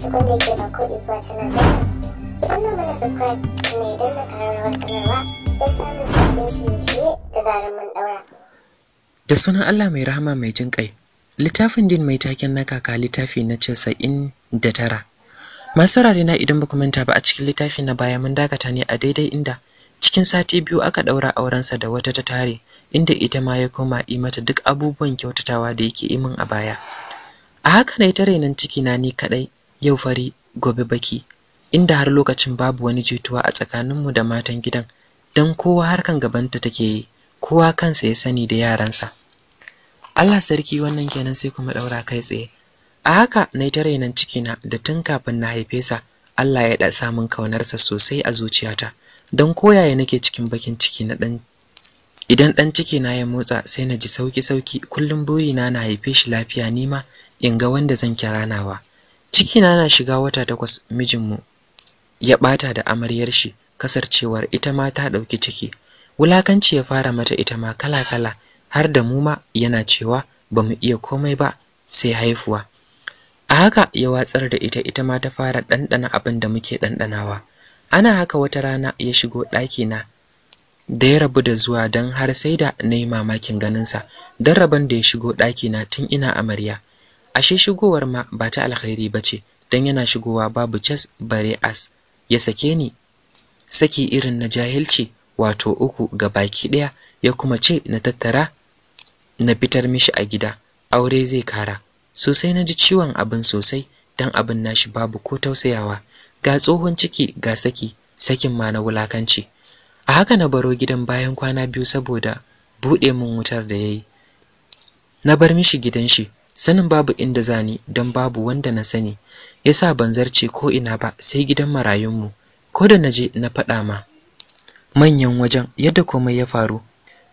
duk wanda yake ba ko zuwa subscribe sannan ya danna ƙararrawar sanarwa don samun sabbin da zarar mun ɗaura. da sunan Allah mai rahama mai jin ƙai littafin din mai taken na kaka littafi na casa'in da tara masu saurare na idan baku manta ba a cikin littafi na baya mun dakata ne a daidai inda cikin sati biyu aka ɗaura aurensa da wata ta tare inda ita ma ya koma yi mata duk abubuwan kyautatawa da yake yi min a baya a haka na ita ta ciki na ni kadai. yau fari gobe baki inda har lokacin babu wani jituwa a tsakaninmu da matan gidan don kowa harkan gabanta take yi kowa kansa ya sani da yaransa Allah sarki wannan kenan sai kuma ɗaura kai tsaye a haka na yi ta rainan cikina da tun kafin na haife sa Allah ya da samun kaunarsa sosai a zuciyata don koyaya nake cikin bakin ciki na ɗan idan ɗan ciki na ya motsa sai na ji sauki sauki kullum burina na haife shi lafiya nima in ga wanda zan kira nawa ciki na shiga wata takwas mijinmu ya bata da amaryar shi kasarcewar ita ma ta dauki ciki wulakanci ya fara mata ita ma kala kala har da mu ma yana cewa ba mu iya komai ba sai haifuwa a haka ya watsar da ita ita ma ta fara dandana abin da muke dandanawa ana haka wata rana ya shigo ɗakina na da ya rabu da zuwa don har sai da na yi mamakin ganinsa don rabon da ya shigo ɗaki na tun ina amarya ashe shigowar ma ba ta alkhairi ba ce don yana shigowa babu cas bare as ya sake ni saki irin na jahilci wato uku ga baki ɗaya ya kuma ce na tattara na fitar mishi a gida aure zai kara sosai na ji ciwon abin sosai don abin nashi babu ko tausayawa ga tsohon ciki ga saki sakin ma na wulakanci a haka na baro gidan bayan kwana biyu saboda buɗe mun wutar da ya yi. na bar mishi gidan shi sanin babu inda zani don babu wanda na sani yasa ban zarce ko ina ba sai gidan marayunmu ko da naje na faɗa ma manyan wajen yadda komai ya faru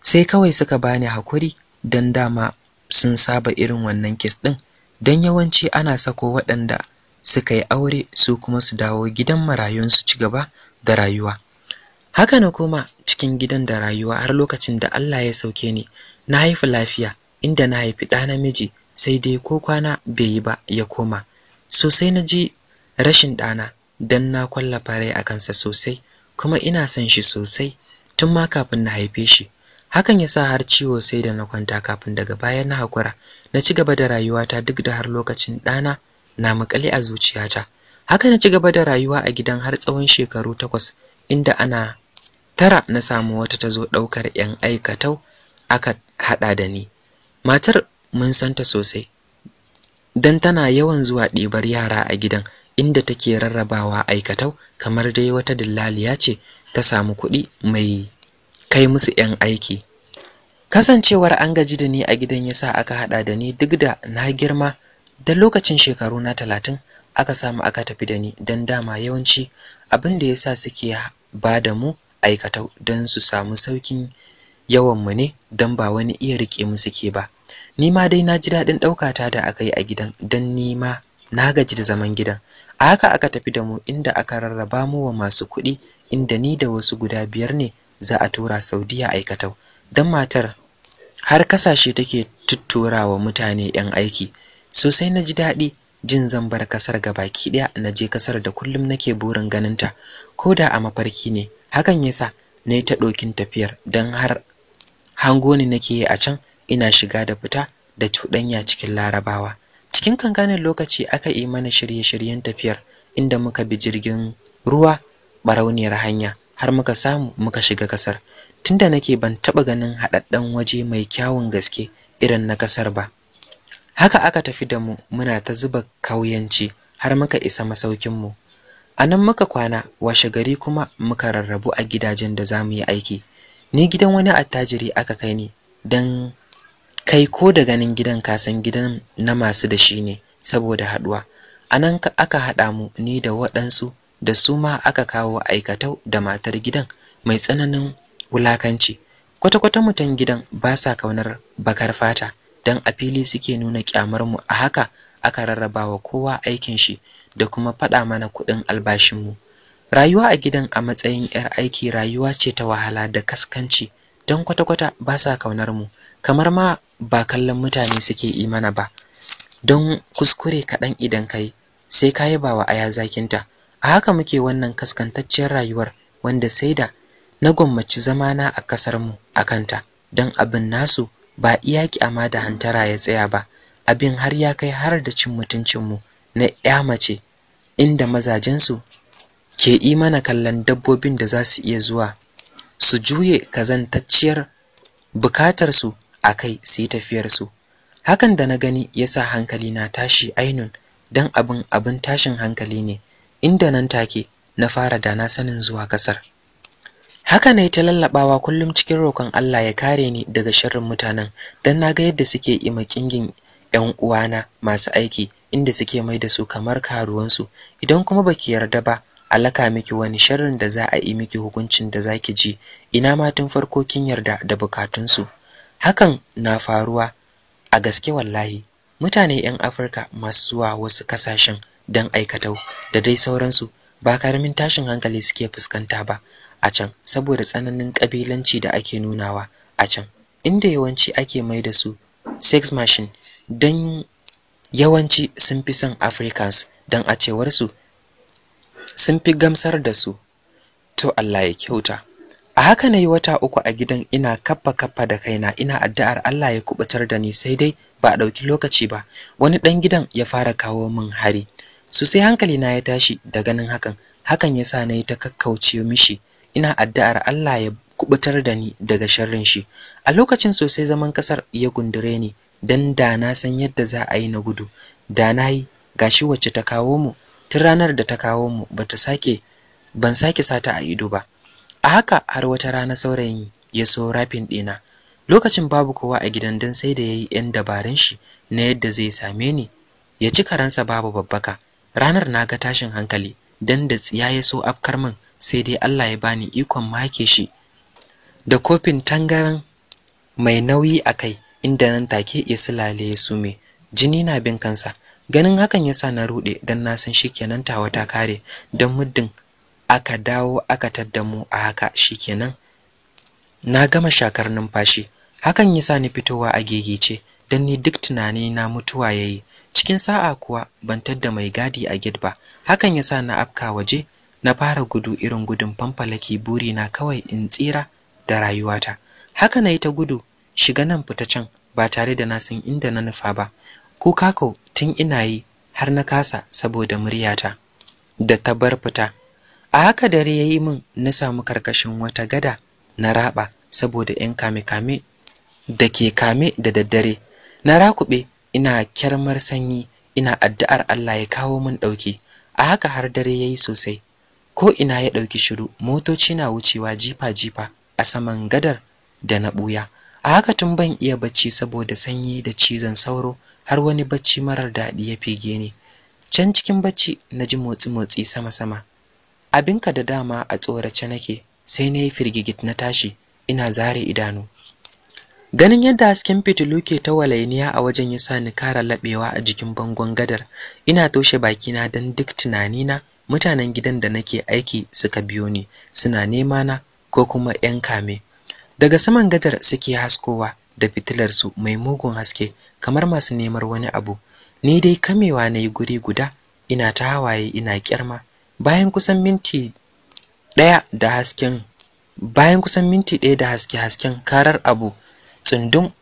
sai kawai suka bani hakuri don dama sun saba irin wannan kes ɗin don yawanci ana sako waɗanda suka yi aure su kuma su dawo gidan marayun su ci gaba da rayuwa haka na koma cikin gidan da rayuwa har lokacin da Allah ya sauke ni na haifi lafiya inda na haifi ɗa namiji sai dai ko kwana bai yi ba ya koma sosai na ji rashin ɗana don na kwalla farai a kansa sosai kuma ina son shi sosai tun ma kafin na haife shi hakan ya sa har ciwo sai da na kwanta kafin daga baya na hakura na ci gaba da rayuwata duk da har lokacin ɗana na makale a zuciyata haka na ci gaba da rayuwa a gidan har tsawon shekaru takwas inda ana tara na samu wata ta zo ɗaukar 'yan aikatau aka haɗa da ni matar mun san ta sosai dan tana yawan zuwa ɗebar yara a gidan inda take rarrabawa aikatau kamar dai wata dillaliya ce ta samu kuɗi mai kai musu 'yan aiki kasancewar an gaji da ni a gidan yasa aka haɗa da ni duk da na girma da lokacin shekaru na talatin aka samu aka tafi da ni don dama yawanci abin da yasa suke ba da mu aikatau don su samu saukin yawan mu ne don ba wani iya riƙe mu suke ba ni ma dai na ji daɗin ɗaukata da aka yi a gidan don ni ma na gaji da zaman gidan a haka aka tafi da mu inda aka rarraba mu wa masu kuɗi inda ni da wasu guda biyar ne za a tura saudiya aikatau don matar har kasashe take tuttura wa mutane 'yan aiki sosai na ji daɗi jin zan bar kasar baki ɗaya na je kasar da kullum nake burin ganinta ko da a mafarki ne hakan yasa na yi ta ɗokin tafiyar don har hango ne nake yi a can ina shiga da fita da cuɗanya cikin larabawa cikin kankanin lokaci aka yi mana shirye-shiryen tafiyar inda muka bi jirgin ruwa barauniyar hanya har muka samu muka shiga kasar tunda nake ban taɓa ganin haɗaɗɗen waje mai kyawun gaske irin na ƙasar ba haka aka tafi da mu muna ta zuba kauyanci har muka isa masaukin a nan muka kwana washe gari kuma muka rarrabu a gidajen da za mu yi aiki ni gidan wani attajiri aka kai ni don kai ko da ganin gidan kasan gidan na masu da shi ne saboda haduwa anan aka hada mu ni da waɗansu da su ma aka kawo aikatau da matar gidan mai tsananin wulakanci kwata-kwata mutan gidan ba sa kaunar bakar fata dan a fili suke nuna kyamar mu a haka aka rarraba wa kowa aikin shi da kuma faɗa mana kuɗin albashin mu rayuwa a gidan a matsayin 'yar aiki rayuwa ce ta wahala da kaskanci don kwata-kwata ba sa kaunar mu kamar ma ba kallon mutane suke yi mana ba don kuskure kaɗan idan ka sai ka yi wa aya zakinta a haka muke wannan kaskantacciyar rayuwar wanda sai da na gwammaci zamana a ƙasar mu a kanta don abin nasu ba iya kyama da hantara ya tsaya ba abin har ya kai har da cin mutuncinmu na ya mace inda mazajensu ke yi mana kallon dabbobin da za su iya zuwa su juye kazantacciyar bukatarsu a kai su tafiyarsu hakan da na gani yasa hankali na tashi ainun dan abin abin tashin hankali ne inda nan take na fara dana sanin zuwa kasar haka ne ta lallabawa kullum cikin roƙon Allah ya kare ni daga sharrin mutanen dan naga yadda suke ima kingin ƴan uwana masu aiki inda suke mai da su kamar karuwan su idan kuma baki yarda ba alaka miki wani sharrin da za a yi miki hukuncin da zaki ji ina ma tun farko kin yarda da bukatun su hakan na faruwa a gaske wallahi mutane 'yan afirka masu zuwa wasu kasashen don aikatau da dai sauransu ba karamin tashin hankali suke fuskanta ba a can saboda tsananin ƙabilanci da ake nunawa a can inda yawanci ake mai da su sex machine don yawanci sun fi son africans don a cewarsu sun fi gamsar da su to allah ya kyauta a haka na yi wata uku a gidan ina kaffa kappa da kaina ina addu'ar Allah ya kubutar da ni sai dai ba a ɗauki lokaci ba wani ɗan gidan ya fara kawo min hari su sai hankali na ya tashi da ganin hakan hakan ya sa na yi ta kakkauce mishi ina addu'ar Allah ya kubutar da ni daga sharrin shi a lokacin sosai zaman ƙasar ya gundure ni dan da na san yadda za a yi na gudu da na yi gashi wacce ta kawo mu tun ranar da ta kawo mu bata sake ban sake sata a ido ba a haka har wata rana saurayin ya so rafin ɗina lokacin babu kowa a gidan don sai da ya yi 'yan dabarun shi na yadda zai same ni ya ci karansa babu babbaka ranar na ga tashin hankali don da tsiya ya so afkar min sai dai Allah ya bani ikon make shi da kofin tangaran mai nauyi a kai inda nan take ya sulale ya sume jini na bin kansa ganin hakan ya sa na ruɗe don na san kenan tawa ta kare don muddin aka dawo aka tadda mu a haka shi shikenan na gama shakar numfashi hakan yasa ni fitowa a gegece dan ni duk tunani na mutuwa yayi cikin sa'a kuwa ban tadda mai gadi a gid ba hakan yasa na afka waje na fara gudu irin gudun fanfalaki buri na kawai in tsira da rayuwata haka na yi ta gudu shiga nan fita can ba tare da na san inda na nufa ba Kuka ko tun ina yi har na kasa saboda muryata da ta bar fita a haka dare ya yi min na samu karkashin wata gada na raba saboda 'yan kame-kame da ke kame da daddare na rakuɓe ina kyarmar sanyi ina addu'ar Allah ya kawo min ɗauki a haka har dare ya yi sosai ko ina ya ɗauki shiru motoci na wucewa jifa-jifa a saman gadar da na ɓuya a haka tun ban iya bacci saboda sanyi da cizon sauro har wani bacci marar daɗi ya fige ni can cikin bacci na ji motsi-motsi sama-sama abinka da dama a tsorace nake sai na yi firgigit na tashi ina zare idanu ganin yadda hasken fitilu ke ta walainiya a wajen ya sa ni kara laɓewa a jikin bangon gadar ina toshe bakina don duk tunanina mutanen gidan da nake aiki suka biyo ni suna nema na ko kuma 'yan kame daga saman gadar suke haskowa da fitilarsu mai mugun haske kamar masu nemar wani abu ni dai kamewa na yi guri guda ina ta hawaye ina kyarma bayan kusan minti ɗaya da hasken bayan kusan minti ɗaya da haske hasken karar abu tsundun.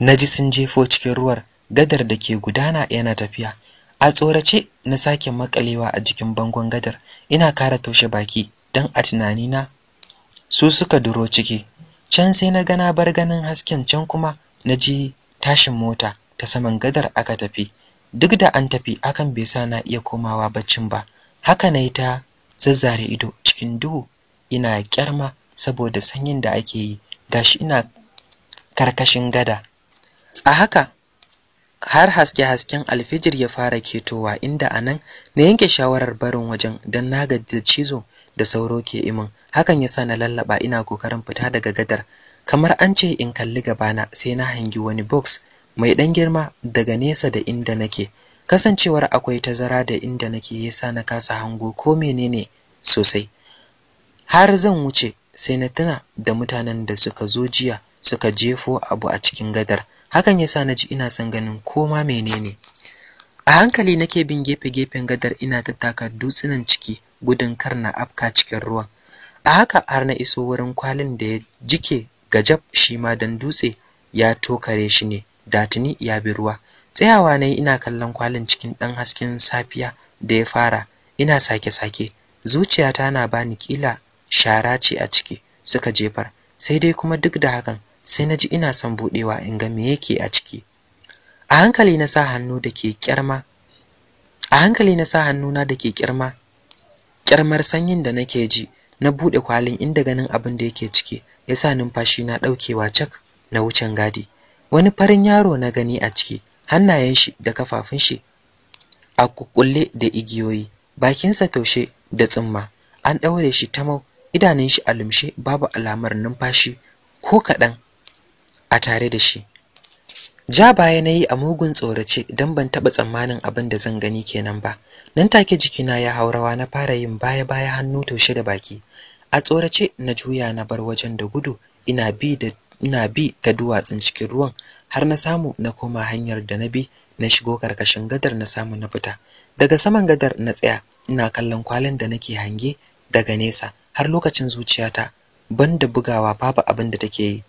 na ji sun jefo cikin ruwan, gadar da ke gudana yana tafiya a tsorace na sake maƙalewa a jikin bangon gadar ina kara toshe baki don a tunanina su suka duro ciki can sai na gana bar ganin hasken can kuma na ji tashin mota ta saman gadar aka tafi duk da an tafi akan bai sa na iya komawa baccin ba haka na yi ta zazzare ido cikin duhu ina kyarma saboda sanyin da ake yi gashi ina karkashin gada a haka har haske-hasken alfijir ya fara ketowa inda a nan na yanke shawarar barin wajen don na da cizo da sauro ke imin hakan yasa na lallaba ina kokarin fita daga gadar kamar an ce in kalli gabana sai na hangi wani box mai ɗan girma daga nesa da inda nake kasancewar akwai tazara da inda nake yasa na kasa hango ko menene sosai har zan wuce sai na tuna da mutanen da suka zo jiya suka jefo abu a cikin gadar hakan yasa na ji ina son ganin ko ma menene a hankali nake bin gefe-gefen gadar ina tattaka dutsunan ciki gudun kar na afka cikin ruwan a haka har na iso wurin kwalin da ya jike gajab shi ma dan dutse ya tokare shi ne datini ya bi ruwa tsayawa na yi ina kallon kwalin cikin ɗan hasken safiya da ya fara ina sake-sake zuciyata na bani kila shara ce a ciki suka jefar sai dai kuma duk da hakan sai na ji ina son buɗewa in ga me yake a ciki a hankali na sa hannu da ke kyarma a hankali na sa hannuna da ke kyarma kyarmar sanyin da nake ji na buɗe kwalin inda ganin abin da yake ciki yasa numfashi na ɗaukewa cak na wucin gadi wani farin yaro na gani a ciki hannayen shi da kafafun shi a kukulle da igiyoyi bakinsa taushe da tsumma an daure shi mau, idanun shi a lumshe babu alamar numfashi ko kaɗan a tare da shi ja baya na yi a mugun tsorace don ban taɓa tsammanin abin da zan gani kenan ba nan take jikina ya haurawa na fara yin baya baya hannu taushe da baki a tsorace na juya na bar wajen da gudu ina bi da ina bi ta duwatsun cikin ruwan har na samu na koma hanyar da na bi na shigo karkashin gadar na samu na fita daga saman gadar na tsaya ina kallon kwalin da nake hange daga nesa har lokacin zuciyata banda bugawa babu abin da take yi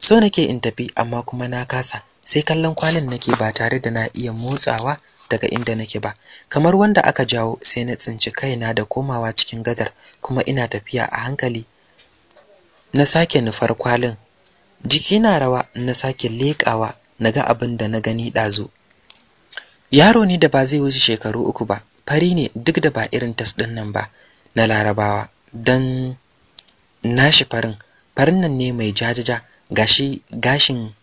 so nake in tafi amma kuma na kasa sai kallon kwalin nake ba tare da na iya motsawa daga inda nake ba kamar wanda aka jawo sai na tsinci kaina da komawa cikin gadar kuma ina tafiya a hankali na sake nufar kwalin jiki na rawa na sake leƙawa na ga abin da na gani ɗazu yaro ne da ba zai wuce shekaru uku ba fari ne duk da ba irin tas ɗin nan ba na larabawa don nashi farin farin nan ne mai jajaja gashi gashin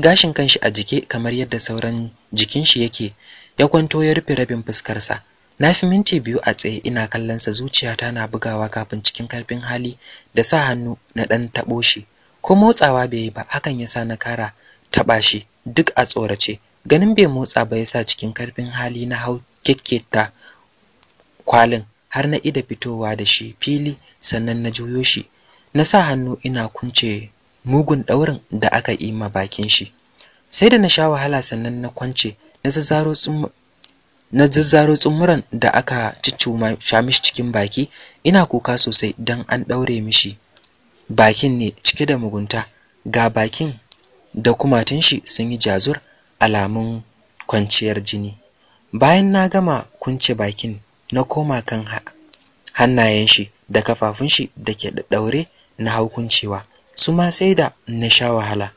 gashin kanshi a jike kamar yadda sauran jikin shi yake ya kwanto ya rufe rabin fuskarsa na fi minti biyu a tsaye ina kallonsa zuciyata na bugawa kafin cikin karfin hali da sa hannu na ɗan taɓo shi ko motsawa bai yi ba hakan yasa na kara taɓa shi duk a tsorace ganin bai motsa ba yasa cikin karfin hali na hau kekketa kwalin har na ida fitowa da shi fili sannan na juyo shi na sa hannu ina kunce mugun ɗaurin da aka yi ma bakin shi sai da na sha wahala sannan na kwance na zazzaro tsumma tsummuran da aka ciccuma shamish mishi cikin baki ina kuka sosai dan an ɗaure mishi bakin ne cike da mugunta ga bakin da kumatun shi sun yi jazur alamun kwanciyar jini bayan na gama kunce bakin na koma kan hannayen shi da kafafun shi da ke daure na haukuncewa su ma sai da na sha wahala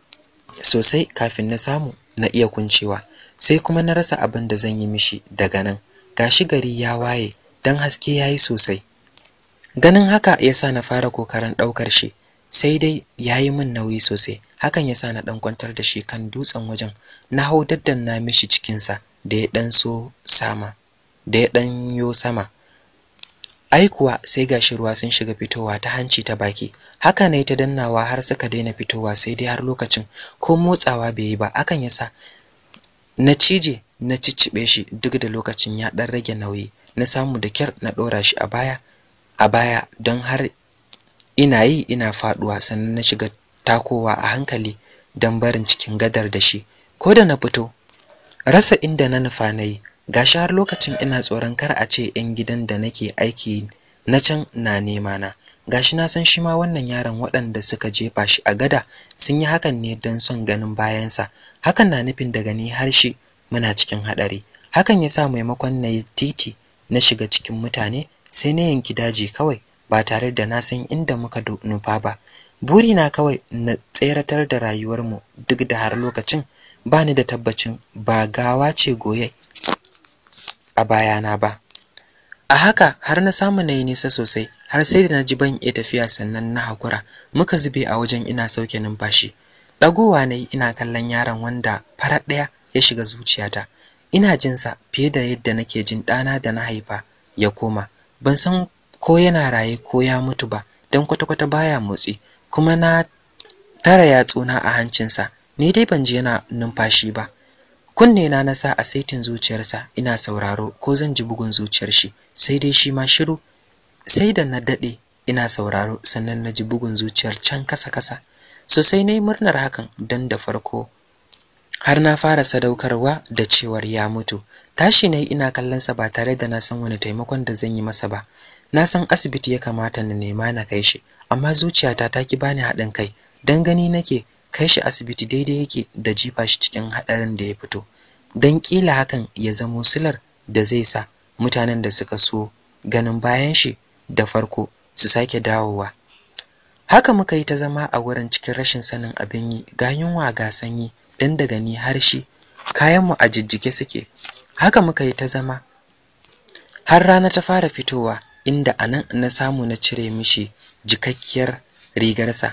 sosai kafin na samu na iya kuncewa sai kuma na rasa abin da zan yi mishi daga nan ga shi gari ya waye don haske ya yi sosai ganin haka ya sa na fara kokarin ɗaukar shi sai dai ya yi min nauyi sosai hakan ya sa na ɗan kwantar da shi kan dutsen wajen na hau daddan na mishi cikinsa da ya ɗan so sama da ya ɗan yo sama ai kuwa sai ga ruwa sun shiga fitowa ta hanci ta baki haka ne ta dannawa har suka daina fitowa sai dai har lokacin ko motsawa bai yi ba hakan sa. na cije na ciccibe shi duk da lokacin ya ɗan rage nauyi na samu da kyar na ɗora shi a baya a baya don har ina yi ina faɗuwa sannan na shiga takowa a hankali don barin cikin gadar da shi ko da na fito rasa inda na nufa na yi gashi har lokacin ina tsoron kar a ce 'yan gidan da nake aiki na can na nema na gashi na san shi ma wannan yaron waɗanda suka jefa shi a gada sun yi hakan ne don son ganin bayansa hakan na nufin daga ni har shi muna cikin haɗari hakan ya sa maimakon na yi titi na shiga cikin mutane sai na yanki daji kawai ba tare da na san inda muka nufa ba buri na kawai na tseratar da rayuwarmu duk da har lokacin bani da tabbacin ba gawa ce goye a bayana ba a haka har na samu na nisa sosai har sai da na ji ban iya tafiya sannan na hakura muka zube a wajen ina sauke numfashi ɗagowa na yi ina kallon yaron wanda farar ɗaya ya shiga zuciyata ina jinsa fiye da yadda nake jin ɗana da na haifa ya koma ban san ko yana raye ko ya mutu ba don kwata-kwata baya motsi kuma na tara yatsuna a hancinsa ni dai ban ji yana numfashi ba kunne na sa a saitin zuciyarsa ina sauraro ko zan ji bugun zuciyar shi sai dai shi ma shiru sai da na dade ina sauraro sannan na ji bugun zuciyar can kasa-kasa sosai na yi murnar hakan don da farko har na fara sadaukarwa da cewar ya mutu tashi na yi ina kallonsa ba tare da na san wani taimakon da zan yi masa ba na san asibiti ya kamata na nema na kai shi amma zuciyata ta ki bani haɗin kai dan gani nake kai shi asibiti daidai yake da jifa shi cikin haɗarin da ya fito dan kila hakan ya zamo silar da zai sa mutanen da suka so ganin bayan shi da farko su sake dawowa haka muka yi ta zama a wurin cikin rashin sanin abin yi ga yunwa ga sanyi dan daga ni har shi kayanmu a jijjike suke haka muka yi ta zama har rana ta fara fitowa inda anan na samu na cire mishi jikakkiyar rigarsa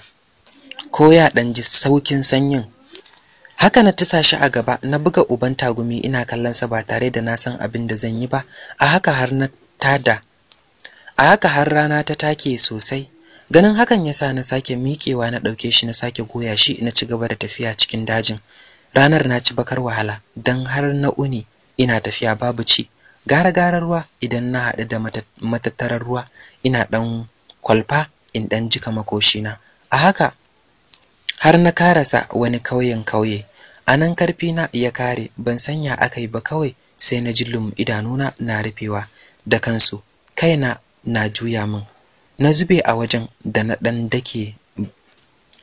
ko ya ɗan ji saukin sanyin haka na tisa shi a gaba na buga uban tagumi ina kallon sa ba tare da na san abin da zan yi ba a haka har na tada a haka har rana ta take sosai ganin hakan yasa na sake miƙewa na ɗauke shi na sake goya shi na ci gaba da tafiya cikin dajin ranar na ci bakar wahala don har na uni ina tafiya babu ci gara gara ruwa idan na haɗu da matattarar ruwa ina ɗan kwalfa in ɗan jika makoshina a haka har na karasa wani kauyen kauye a nan na ya kare ban sanya aka yi ba kawai sai na jillum idanuna na rufewa da kansu kaina na juya min na zube a wajen da na ɗan dake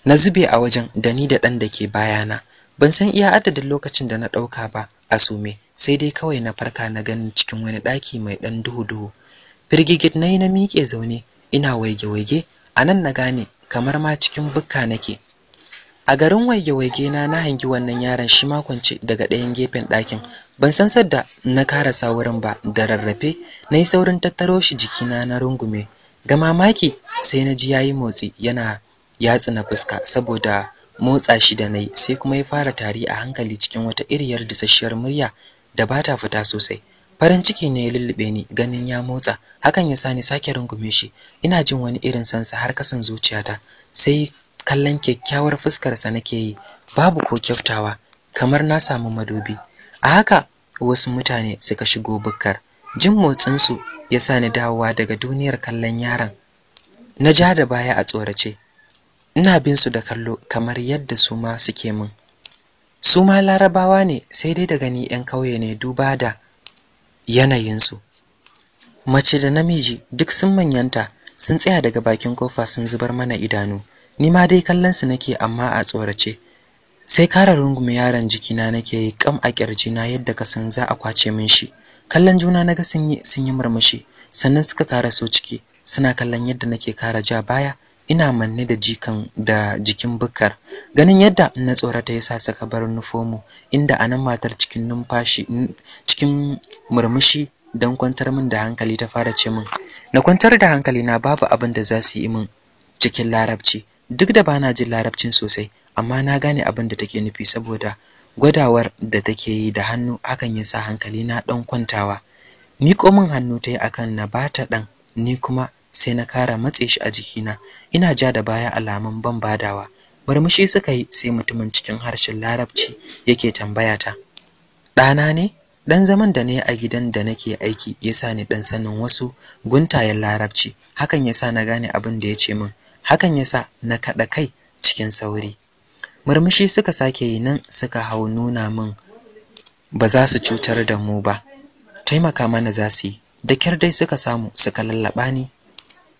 na zube a wajen da ni da ɗan da bayana ban san iya adadin lokacin da na ɗauka ba a sume sai dai kawai na farka na ganin cikin wani ɗaki mai ɗan duhu-duhu firgigit na yi na miƙe zaune ina waige-waige a nan na gane kamar ma cikin bukka nake a garin waige-waige na na hangi wannan yaron shi ma daga ɗayan gefen ɗakin ban san sadda na karasa wurin ba da rarrafe na yi saurin tattaro shi jikina na rungume ga mamaki sai na ji yayi motsi yana yatsa na fuska saboda motsa shi da nayi sai kuma ya fara tari a hankali cikin wata iriyar disasshiyar murya da ba ta fita sosai farin ciki ne ya lullube ni ganin ya motsa hakan ya sani sake rungume shi ina jin wani irin sansa har kasan zuciyata sai kallon kyakkyawar fuskarsa sa nake yi babu ko kyautawa kamar na samu madobi a haka wasu mutane suka shigo bukkar jin motsin su ya sani dawowa daga duniyar kallon yaron na ja da baya a tsorace ina bin su da kallo kamar yadda su ma suke min su ma larabawa ne sai dai da gani 'yan kauye ne duba da yanayinsu mace da namiji duk sun manyanta sun tsaya daga bakin kofa sun zubar mana idanu ni ma dai kallon su nake amma a tsorace sai kara rungume yaron jikina nake yi kam a na yadda ka san za a kwace min shi kallon juna na ga sun yi murmushi sannan suka kara so ciki suna kallon yadda nake kara ja baya ina manne da jikan da jikin bukkar ganin yadda na tsorata yasa saka bar nufomu inda anan matar cikin numfashi cikin murmushi don kwantar min da hankali ta fara ce min na kwantar da hankali na babu abin da za su yi min cikin larabci duk da bana jin larabcin sosai amma na gane abin da take nufi saboda gwadawar da take yi da hannu hakan ya sa hankali na dan kwantawa miƙo min hannu ta yi akan na bata dan, ni kuma sai na kara matse shi a jikina ina ja da baya alamun ban badawa murmushi suka yi sai mutumin cikin harshen larabci yake tambaya ta ɗana ne dan zaman da ne a gidan da nake aiki yasa ni dan sanin wasu guntayen larabci hakan yasa na gane abin da ya ce min hakan yasa na kaɗa kai cikin sauri murmushi suka sake yi nan suka hau nuna min ba za su cutar da mu ba taimaka mana za su yi da kyar dai suka samu suka lallaɓa ni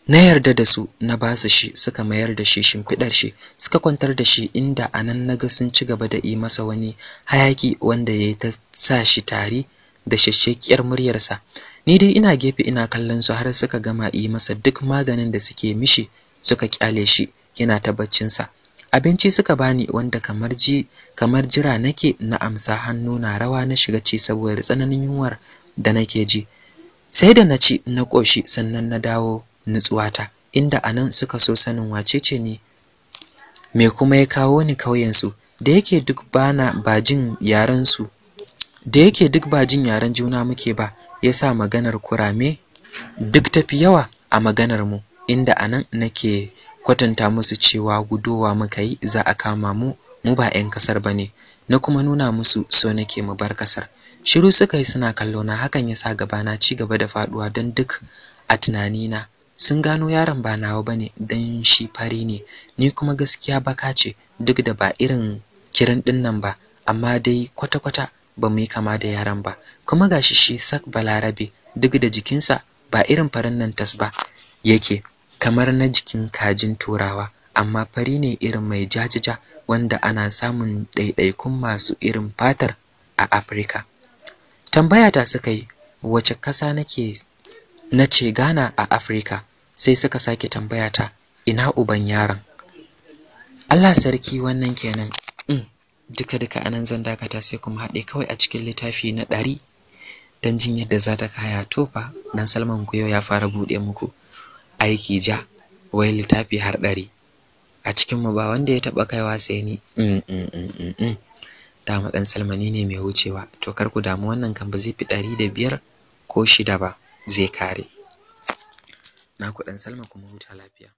na yarda da su na ba su shi suka mayar da shi shimfidar shi suka kwantar da shi inda anan naga sun ci gaba da yi masa wani hayaki wanda yayi ta sa shi tari da shashshekiyar muryarsa ni dai ina gefe ina kallon su har suka gama yi masa duk maganin da suke mishi suka kyale shi yana ta baccinsa abinci suka bani wanda kamar ji kamar jira nake na amsa hannu na rawa na shiga ci saboda tsananin yunwar da nake ji sai da na ci na ƙoshi sannan na dawo nutsuwata inda anan suka so sanin wacece ne, me kuma ya kawo ni kauyen su da yake duk bana jin yaran su da yake duk bajin yaran juna muke ba yasa maganar kurame duk tafi yawa a maganar mu inda anan nake kwatanta musu cewa gudowa muka yi za a kama mu mu ba 'yan kasar bane na kuma nuna musu so nake mu bar kasar shiru suka yi suna kallo na hakan yasa gabana ci gaba da faduwa don duk a tunanina sun gano yaron ba nawa bane dan shi fari ne ni kuma gaskiya baka ce duk da ba irin kirin din ba amma dai kwata kwata ba mu yi kama da yaron ba kuma gashi shi sak balarabe duk da jikinsa ba irin farin nan tas ba yake kamar na jikin kajin turawa amma fari ne irin mai jajija wanda ana samun ɗaiɗaikun masu irin fatar a Afirka. Tambaya ta suka yi wace ƙasa nake na ce Ghana a Afirka sai suka sake tambaya ta ina uban yaron Allah sarki wannan kenan mm. duka duka anan zan dakata sai kuma haɗe kawai a cikin littafi na ɗari don jin yadda za ta kaya to fa dan Salman ku yau ya fara buɗe muku aiki ja wai littafi har ɗari a cikin mu ba wanda ya taɓa kaiwa sai ni mm mm mm mm, mm. dama dan Salmani ne mai wucewa to kar ku damu wannan kan ba zai fi ɗari da biyar ko shida ba zai kare naku ɗan Salma kuma huta lafiya.